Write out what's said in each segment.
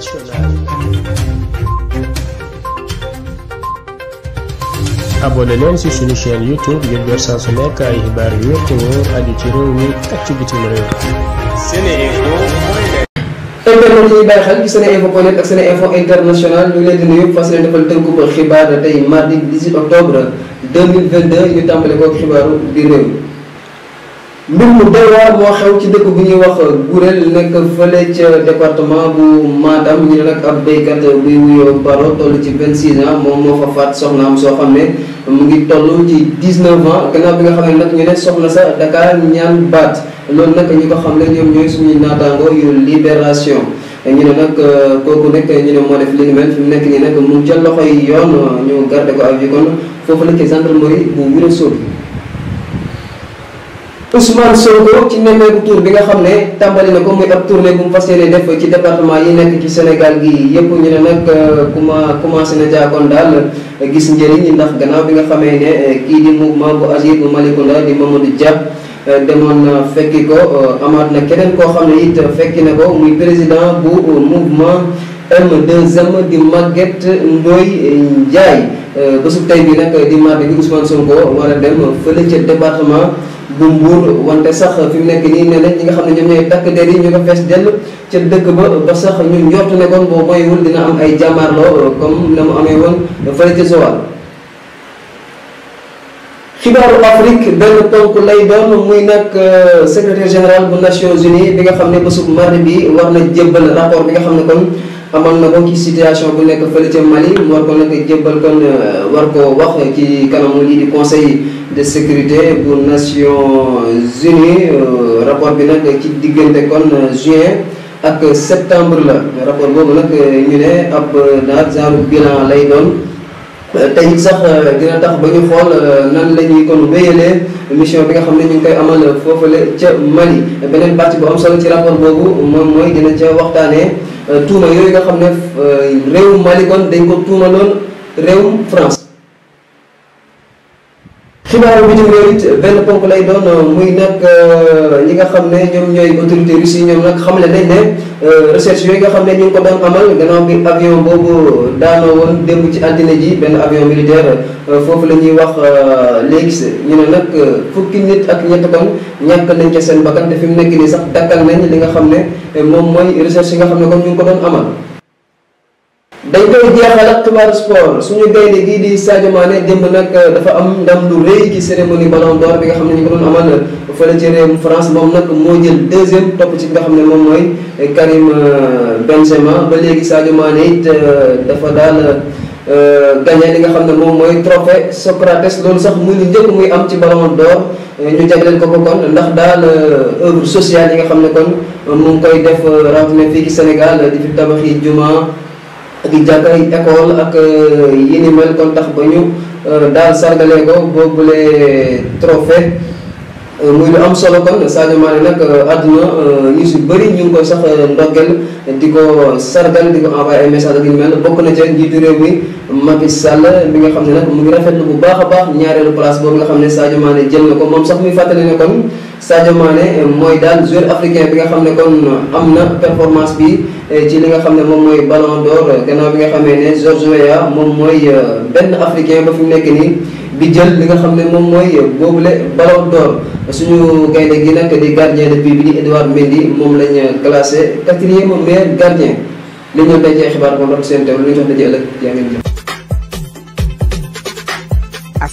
internationale. abonné leen ci suñu chaîne youtube ngir jot su nekk ay xibaar yu wér te ci réew mi ak ci réew. internet yi bàyyi xel ci Seneinfo point net ak Seneinfo international ñu ngi leen di nuyu fas leen defal tënku ba xibaar tey mardi 18 octobre 2022 ñu tàmbale xibaaru biir réew. mbir mu doy waar moo xew ci dëkk bi ñuy wax Gurel nekk fële ca département bu Matam ñu ne nag ab béykat buy wuyoo Baro toll ci 26 ans moom moo fa faat soxnaam soo xam ne mu ngi toll ci 19 ans gannaaw bi nga xam ne nag ñu ne soxna sa Dakar ñaan baat loolu nag ñi ko xam ne ñoom ñooy suñuy naataango yu libération. ñu ne nag euh, kooku nekk ñu ne moo def li ni mel fi mu nekk nii nag mu jël loxoy yoon ñu garde ko ak yi kon foofu la ci gendarmerie bu Ourossogui. Ousmane Sonko ci nemmeeku tour bi nga xam ne tàmbali na ko muy ab tournée bu mu fas yéene def ci département yi nekk ci Sénégal gi yëpp ñu ne nag euh, kuma commencé na jaakoon daal euh, gis njëriñ ndax gannaaw bi nga xamee ne euh, kii di mouvement bu Agir bu Malicounda di Mamadou Dia demoon na fekki ko amaat na keneen koo xam ne it fekki na ko muy président bu mouvement M2M di Maguette Ndoye Ndiaye bésub tey bi nag di mardi bi Ousmane Sonko war a dem fële ca bu mbuur wante sax fi mu nekk nii nee nañ ñi nga xam ne ñoom ñooy takk der yi ñu nga fees dell ca dëkk ba ba sax ñu njort ne kon boo moywul dina am ay jàmmaarloo comme na mu amee woon fële ca Joal xibaaru Afrique benn ponk lay doon muy nag euh, secrétaire général bu Nations Unies bi nga xam ne bésub mardi bi war na jébbal rapport bi nga xam ne kon amoon na ko ci situation bu nekk fële ca Mali mu war ko nekk jébbal kon euh, war ko wax ci kanamu lii di conseil de sécurité bu Nations Unies euh, rapport bi nag ci diggante kon euh, juin ak septembre la rapport boobu nag ñu ne ab naat genre bilan lay doon tey sax dina tax ba ñu xool nan lañuy kon wéyalee mission bi nga xam ne ñu ngi koy amal foofale ca Mali beneen partie bu am solo ci rapport boobu moom mooy dina ca waxtaanee Euh, tuuma yooyu nga xam ne euh, réewum Mali dañ ko tuumaloon réewum France xibaaru bitim réew it benn ponk lay doon muy nag euh, ñi nga xam ne ñoom ñooy autorité russe yi ñoom nag xamle nañ ne euh, recherche yooyu nga xam ne ñu ngi ko doon amal gannaaw bi avion boobu daanoo woon démb ci altine ji benn avion militaire euh, foofu la ñuy wax léegi ñu ne nag fukki nit ak ñett kon ñàkk nañ ca seen bakkan te fi mu nekk nii sax dakkal nañ li nga xam ne moom mooy recherche yi nga xam ne kon ñu ngi ko doon amal. dañ koy jeexal ak xibaar sport suñu gaynde gii di Sadio Mané démb nag euh, dafa am ndam lu rëy ci cérémonie ballon d'or bi nga xam ne ñu ko doon amal fële ci réewum France moom nag moo jël deuxième topp ci nga xam ne moom mooy euh, Karim euh, Benzema ba léegi Sadio Mané it dafa daal gagné li nga xam ne moom mooy trophée Socrates loolu sax muy lu njëkk muy am ci ballon d'or ñu jagleel ko ko kon ndax daal œuvre sociale yi nga xam ne kon mu ngi koy def rawatina fii ci Sénégal di fi ak i jàkk ay école ak euh, yi ni mel kon tax ba ñu euh, daal sargalee ko boobule trophée euh, muy lu am solo kon Sadio Mané nag àdduna ñu si bëri ñu ngi sax ndokkeel di ko sargal di ko envoyé ay message ak bokk na ca njiitu réew mi Macky Sall mi nga xam ne nag mu ngi rafetlu bu baax a baax ñaareelu place boobu nga xam ne Sadio Mané jël na ko moom sax muy fàttali ne kon. Sadio Mané euh, mooy daal joueur africain bi nga xam ne kon am na performance bi euh, ci li nga xam ne moom mooy Ballon d'Or euh, gannaaw bi nga xam ne George Weah moom mooy benn africain ba fi mu nekk nii bi jël li nga xam ne moom mooy boobule Ballon d'Or suñu gaynde gi nag di gardien de but bi di Edouard Mendy moom lañ classé quatrième meilleur gardien li ñu doon denc xibaar moom la seen teew li ñu doon denc ëllëg yaa ngeen jëf.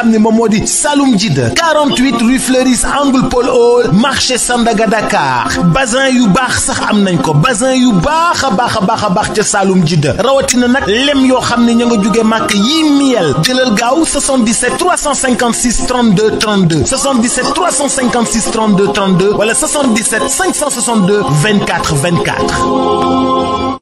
xam ne moom moo di Saloum Jide 48 rue Fleuris angle Paul Hall marché Sandaga Dakar bazin yu baax sax am nañ ko basin yu baax a baax a baax a baax ca Saloum Jide rawatina nag lem yoo xam ne ña nga jugee màkk yii miel jëlal gaaw 77 356 32 32 77 356 32 32 wala 77 562 24 24.